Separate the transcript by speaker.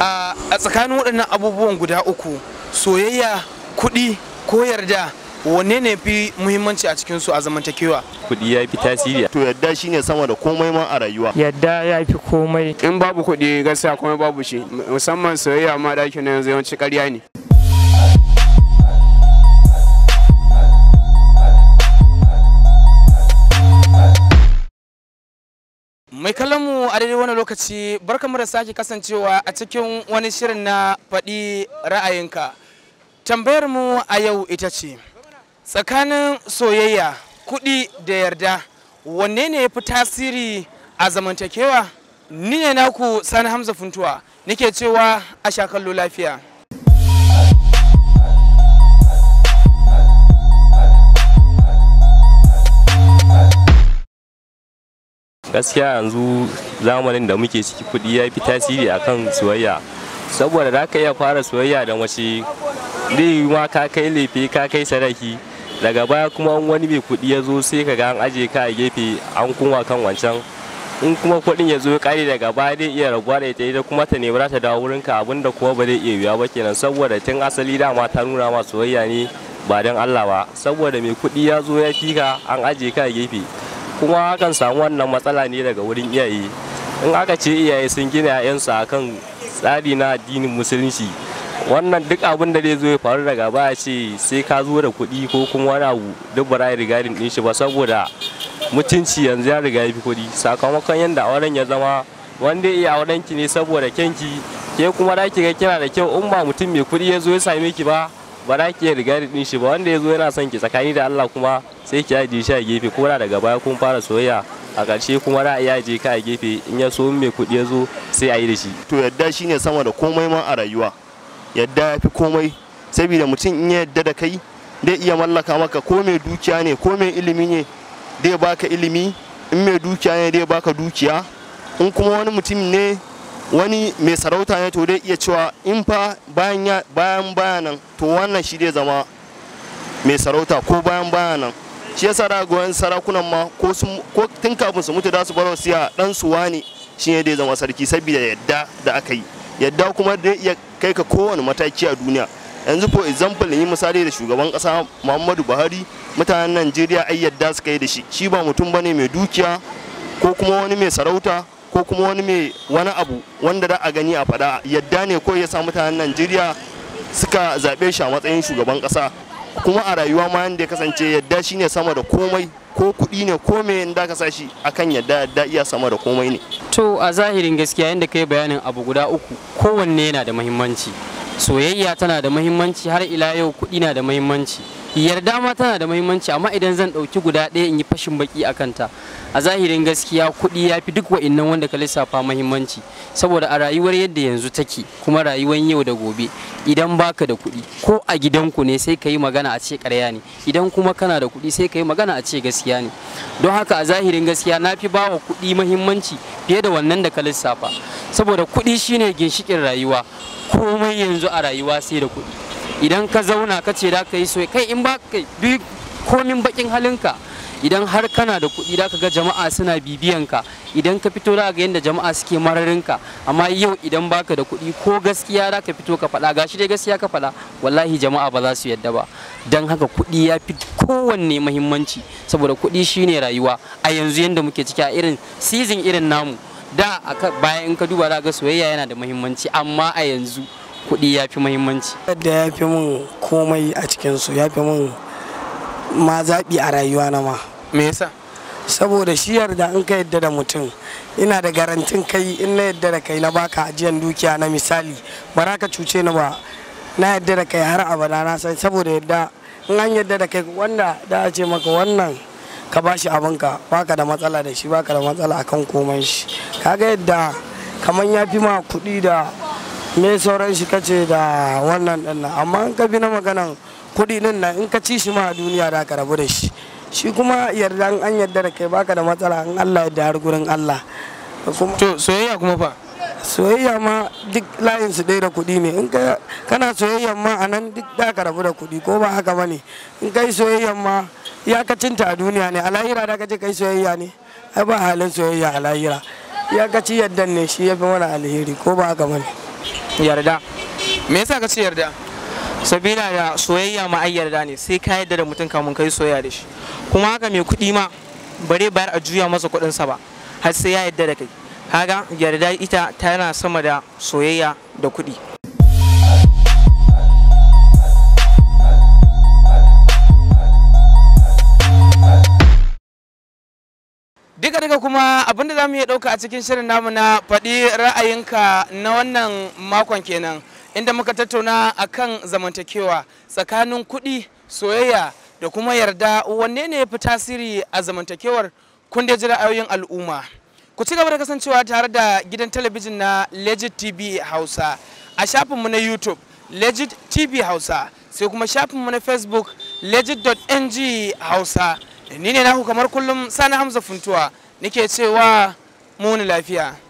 Speaker 1: a tsakanin waɗannan abubuwan guda uku soyayya kuɗi ko yarda wanne ne fi muhimmanci a cikin su a zamantakewa
Speaker 2: kuɗi ya fi tasiri to yadda shine sama da komai ma a rayuwa yadda ya fi komai in babu kuɗi gaskiya komai babu shi
Speaker 1: musamman soyayya ma da ake yanzu yawanci ƙarya ne Mai kallon mu a daidai wani lokaci barkamu da sake kasancewa a cikin wani shirin na faɗi ra'ayinka. Tambayar mu a yau ita ce, tsakanin soyayya, kuɗi da yarda, wanne ne ya fi tasiri a zamantakewa? Ni ne naku Sani Hamza Funtuwa, nake cewa a sha kallo lafiya.
Speaker 3: gaskiya yanzu zamanin da muke ciki kuɗi ya fi tasiri akan soyayya saboda za ka iya fara soyayya da mace dai ma ka kai lefe ka kai sadaki daga baya kuma wani mai kuɗi ya zo sai ka ga an aje ka a gefe an kuma kan wancan in kuma kuɗin ya zo kare daga baya zai iya rabuwa da ita ita kuma ta nemi ta dawo wurinka da kuma ba zai iya yiwuwa ba kenan saboda tun asali dama ta nuna ma soyayya ne ba don Allah ba saboda mai kuɗi ya zo ya fika an aje ka a gefe kuma hakan samu wannan matsala ne daga wurin iyaye in aka ce iyaye sun gina 'ya'yansu a kan tsari na addinin musulunci wannan duk abin da zai zo ya faru daga baya ce sai ka zo da kuɗi ko kuma wani abu duk ba rigarin ɗin shi ba saboda mutunci yanzu ya riga ya fi kuɗi sakamakon yadda auren ya zama wanda iya aurenki ne saboda kyanki ke kuma da ki ga kira da kyau in ba mutum mai kuɗi ya zo ya same ki ba ba za ki iya riga din shi ba wanda ya zo yana son ki tsakani da Allah kuma sai ki ajiye shi a gefe ko da daga baya kun fara soyayya a
Speaker 2: ƙarshe kuma za a iya ajiye ka a gefe in ya so mai kuɗi ya zo sai a yi da shi. To yadda shi ne sama da komai ma a rayuwa yadda ya fi komai saboda mutum in ya yadda da kai zai iya mallaka maka ko mai dukiya ne ko mai ilimi ne zai baka ilimi in mai dukiya ne zai baka dukiya in kuma wani mutum ne wani mai sarauta ne to dai iya cewa in fa bayan bayanan to wannan shi dai zama mai sarauta ko bayan bayanan shi yasa da goyon sarakunan ma ko tun kafin su mutu da su bar wasiya dan su wani shi ne dai zama sarki saboda yadda da aka yi yadda kuma dai iya kai ka kowane mataki a duniya yanzu for example yi misali da shugaban kasa Muhammadu Buhari mutanen Najeriya ai yadda suka yi da shi shi ba mutum bane mai dukiya ko kuma wani mai sarauta ko kuma wani mai wani abu wanda da a gani a faɗa yadda ne ko ya sa mutanen najeriya suka zaɓe shi a matsayin shugaban ƙasa kuma a rayuwa ma yadda ya kasance yadda shine sama da komai ko kuɗi ne ko me ka sa ka sashi akan yadda yadda iya sama da komai ne
Speaker 4: to a zahirin gaskiya yadda kai bayanin abu guda uku kowanne yana da muhimmanci soyayya tana da muhimmanci har ila yau kuɗi na da muhimmanci yarda ma tana da muhimmanci amma idan zan ɗauki guda ɗaya in yi fashin baki a kanta a zahirin gaskiya kuɗi ya fi duk wa'innan wanda ka lissafa muhimmanci saboda a rayuwar yadda yanzu take kuma rayuwar yau da gobe idan baka da kuɗi ko a gidanku ne sai ka yi magana a ce ƙarya ne idan kuma kana da kuɗi sai ka yi magana a ce gaskiya ne don haka a zahirin gaskiya na fi ba kuɗi muhimmanci fiye da wannan da ka lissafa saboda kuɗi shine ginshikin rayuwa komai yanzu a rayuwa sai da kuɗi idan ka zauna ka ce da ka yi so kai in ba ka duk komin bakin halinka idan har kana da kuɗi da ga jama'a suna bibiyanka idan ka fito da ga yadda jama'a suke mararinka amma yau idan baka da kuɗi ko gaskiya da ka fito ka faɗa gashi dai gaskiya ka faɗa wallahi jama'a ba za su yadda ba don haka kuɗi ya fi kowanne mahimmanci saboda kuɗi shine rayuwa a yanzu yadda muke ciki a irin season irin namu da bayan in ka duba da ga soyayya yana da mahimmanci amma a yanzu kuɗi ya fi muhimmanci
Speaker 5: yadda ya fi mun komai a cikinsu ya fi mun ma zaɓi a rayuwa na ma me yasa saboda shi yarda in ka yadda da mutum ina da garantin kai in na yadda da kai na baka ajiyan dukiya na misali ba za ka cuce ni ba na yadda da kai har abada na sai saboda yadda in an yadda da kai wanda da a ce maka wannan ka bashi abinka baka da matsala da shi baka da matsala akan komai shi kaga yadda kamar ya fi ma kuɗi da me sauran shi kace da wannan din nan amma in ka bi na maganan kuɗi din nan in ka ci shi ma a duniya da ka rabu da shi shi kuma yarda an yarda da kai baka da matsala in Allah ya har gurin Allah to soyayya kuma fa soyayya ma duk layin su dai da kuɗi ne in ka kana soyayya ma a duk da ka rabu da kuɗi ko ba haka bane in kai soyayya ma ya ka cinta a duniya ne a lahira da ka je kai soyayya ne ai ba halin soyayya a lahira ya ka ci yaddan ne shi ya fi mana alheri ko ba haka bane
Speaker 1: yarda me yasa ka ce yarda sabila da soyayya ma ai yarda ne sai ka yarda da mutum kamun kai soyayya da shi kuma haka mai kuɗi ma bare bayar a juya masa kuɗin sa ba har sai ya yarda da kai kaga yarda ita tana sama da soyayya da kuɗi duka duka kuma abinda za mu iya ɗauka a cikin shirin namu na faɗi ra'ayinka na wannan makon kenan inda muka tattauna akan zamantakewa tsakanin kuɗi soyayya da kuma yarda wanne ne ya fi tasiri a zamantakewar kundin ji ra'ayoyin al'umma ku ci gaba da kasancewa tare da gidan talabijin na legit tv hausa a shafinmu na youtube legit tv hausa sai kuma shafinmu na facebook legit.ng hausa ni ne naku kamar kullum sani hamza funtuwa nake cewa muni lafiya